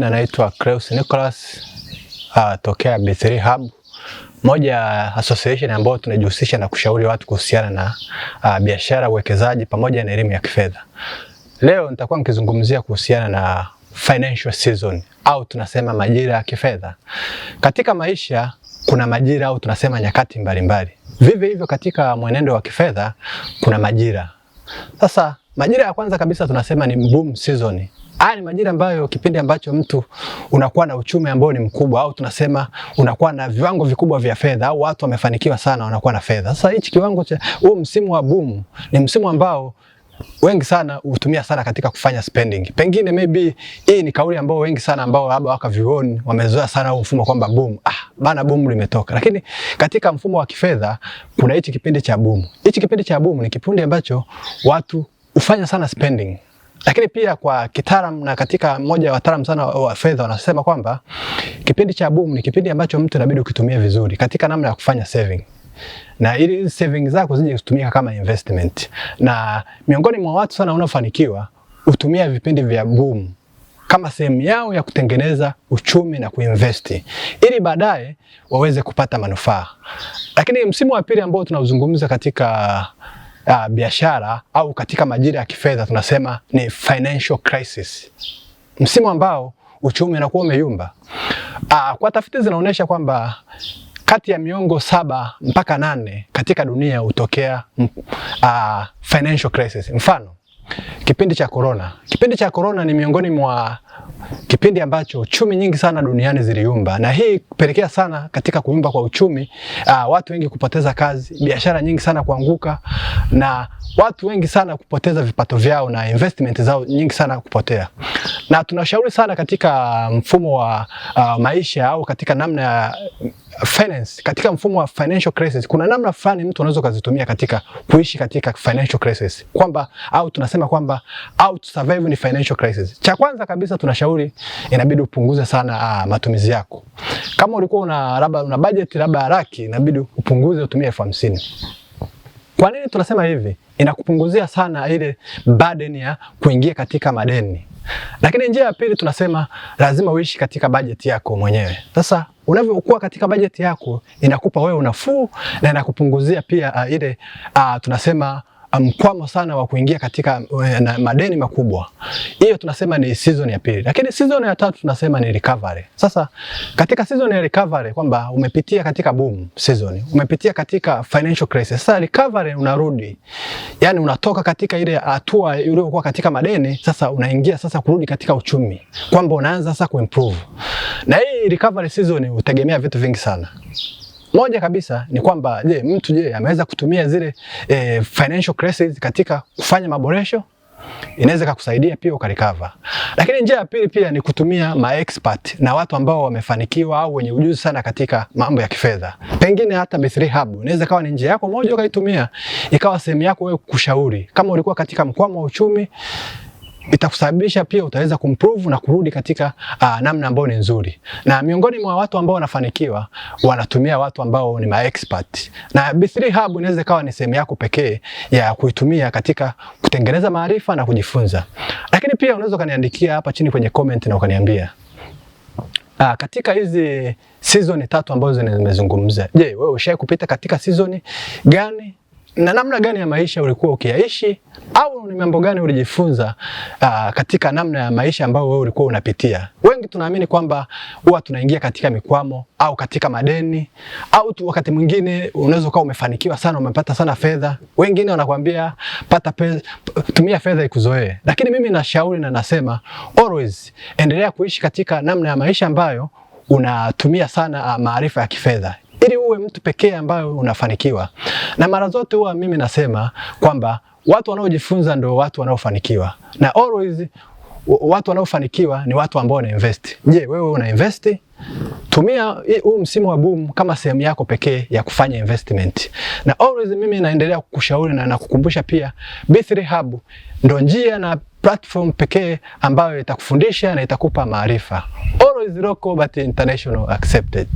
Na naitwa Cleus Nicholas uh, tokea B3 Hub, moja ya association ambayo tunajihusisha na kushauri watu kuhusiana na uh, biashara, uwekezaji pamoja na elimu ya kifedha. Leo nitakuwa nikizungumzia kuhusiana na financial season au tunasema majira ya kifedha. Katika maisha kuna majira au tunasema nyakati mbalimbali. Vivyo hivyo katika mwenendo wa kifedha kuna majira sasa majira ya kwanza kabisa tunasema ni boom season. Haya ni majira ambayo kipindi ambacho mtu unakuwa na uchumi ambao ni mkubwa au tunasema unakuwa na viwango vikubwa vya fedha au watu wamefanikiwa sana wanakuwa na fedha. Sasa hichi kiwango cha huu msimu wa boom ni msimu ambao wengi sana hutumia sana katika kufanya spending. Pengine maybe hii ni kauli ambayo wengi sana ambao labda waka vioni wamezoea sana huu mfumo kwamba boom, ah bana boom limetoka. Lakini katika mfumo wa kifedha kuna hichi kipindi cha boom. Hichi kipindi cha boom ni kipindi ambacho watu hufanya sana spending. Lakini pia kwa kitaalamu na katika moja wa wataalam sana wa fedha wanasema kwamba kipindi cha boom ni kipindi ambacho mtu inabidi ukitumia vizuri katika namna ya kufanya saving na ili savings zako zije kutumika kama investment. Na miongoni mwa watu sana wanaofanikiwa hutumia vipindi vya boom kama sehemu yao ya kutengeneza uchumi na kuinvesti ili baadaye waweze kupata manufaa. Lakini msimu wa pili ambao tunauzungumza katika uh, biashara au katika majira ya kifedha tunasema ni financial crisis, msimu ambao uchumi unakuwa umeyumba. Uh, kwa tafiti zinaonyesha kwamba kati ya miongo saba mpaka nane katika dunia hutokea uh, financial crisis. Mfano kipindi cha corona. Kipindi cha corona ni miongoni mwa kipindi ambacho uchumi nyingi sana duniani ziliumba, na hii kupelekea sana katika kuyumba kwa uchumi uh, watu wengi kupoteza kazi, biashara nyingi sana kuanguka, na watu wengi sana kupoteza vipato vyao na investment zao nyingi sana kupotea na tunashauri sana katika mfumo wa uh, maisha au katika namna ya finance, katika mfumo wa financial crisis, kuna namna fulani mtu anaweza kuzitumia katika kuishi katika financial crisis, kwamba au tunasema kwamba out survive ni financial crisis. Cha kwanza kabisa tunashauri inabidi upunguze sana uh, matumizi yako. Kama ulikuwa una labda una budget labda laki, inabidi upunguze utumie elfu hamsini. Kwa nini tunasema hivi? Inakupunguzia sana ile burden ya kuingia katika madeni. Lakini njia ya pili tunasema lazima uishi katika bajeti yako mwenyewe. Sasa unavyokuwa katika bajeti yako inakupa wewe unafuu na inakupunguzia pia uh, ile uh, tunasema uh, mkwamo um, sana wa kuingia katika uh, madeni makubwa. Hiyo tunasema ni season ya pili, lakini season ya tatu tunasema ni recovery. Sasa katika season ya recovery kwamba umepitia katika boom season, umepitia katika financial crisis. Sasa recovery unarudi, yani unatoka katika ile hatua uliyokuwa katika madeni, sasa unaingia sasa kurudi katika uchumi, kwamba unaanza sasa kuimprove. Na hii recovery season hutegemea vitu vingi sana. Moja kabisa ni kwamba je, mtu je ameweza kutumia zile eh, financial crisis katika kufanya maboresho inaweza kukusaidia pia ukarecover. Lakini njia ya pili pia ni kutumia expert na watu ambao wamefanikiwa au wenye ujuzi sana katika mambo ya kifedha, pengine hata b Hub inaweza kawa ni njia yako moja ukaitumia, ikawa sehemu yako wewe kushauri, kama ulikuwa katika mkwamo wa uchumi itakusababisha pia utaweza kumprove na kurudi katika uh, namna ambayo ni nzuri. Na miongoni mwa watu ambao wanafanikiwa wanatumia watu ambao ni maexpert, na B3 Hub inaweza ikawa ni sehemu yako pekee ya kuitumia katika kutengeneza maarifa na kujifunza. Lakini pia unaweza ukaniandikia hapa chini kwenye comment na ukaniambia Uh, katika hizi season tatu ambazo nimezungumza, je, wewe ushawahi kupita katika season gani? na namna gani ya maisha ulikuwa ukiyaishi au ni mambo gani ulijifunza uh, katika namna ya maisha ambayo wewe ulikuwa unapitia. Wengi tunaamini kwamba huwa tunaingia katika mikwamo au katika madeni au tu wakati mwingine unaweza ukawa umefanikiwa sana, umepata sana fedha. Wengine wanakuambia pata pesa, tumia fedha ikuzoee, lakini mimi nashauri na nasema always endelea kuishi katika namna ya maisha ambayo unatumia sana ah, maarifa ya kifedha ili uwe mtu pekee ambaye unafanikiwa. Na mara zote huwa mimi nasema kwamba watu wanaojifunza ndio watu wanaofanikiwa, na always watu wanaofanikiwa ni watu ambao wana invest. Je, wewe una invest? Tumia huu msimu wa boom kama sehemu yako pekee ya kufanya investment. Na always mimi naendelea kukushauri na nakukumbusha pia B3 Hub ndio njia na platform pekee ambayo itakufundisha na itakupa maarifa. Always local but international accepted.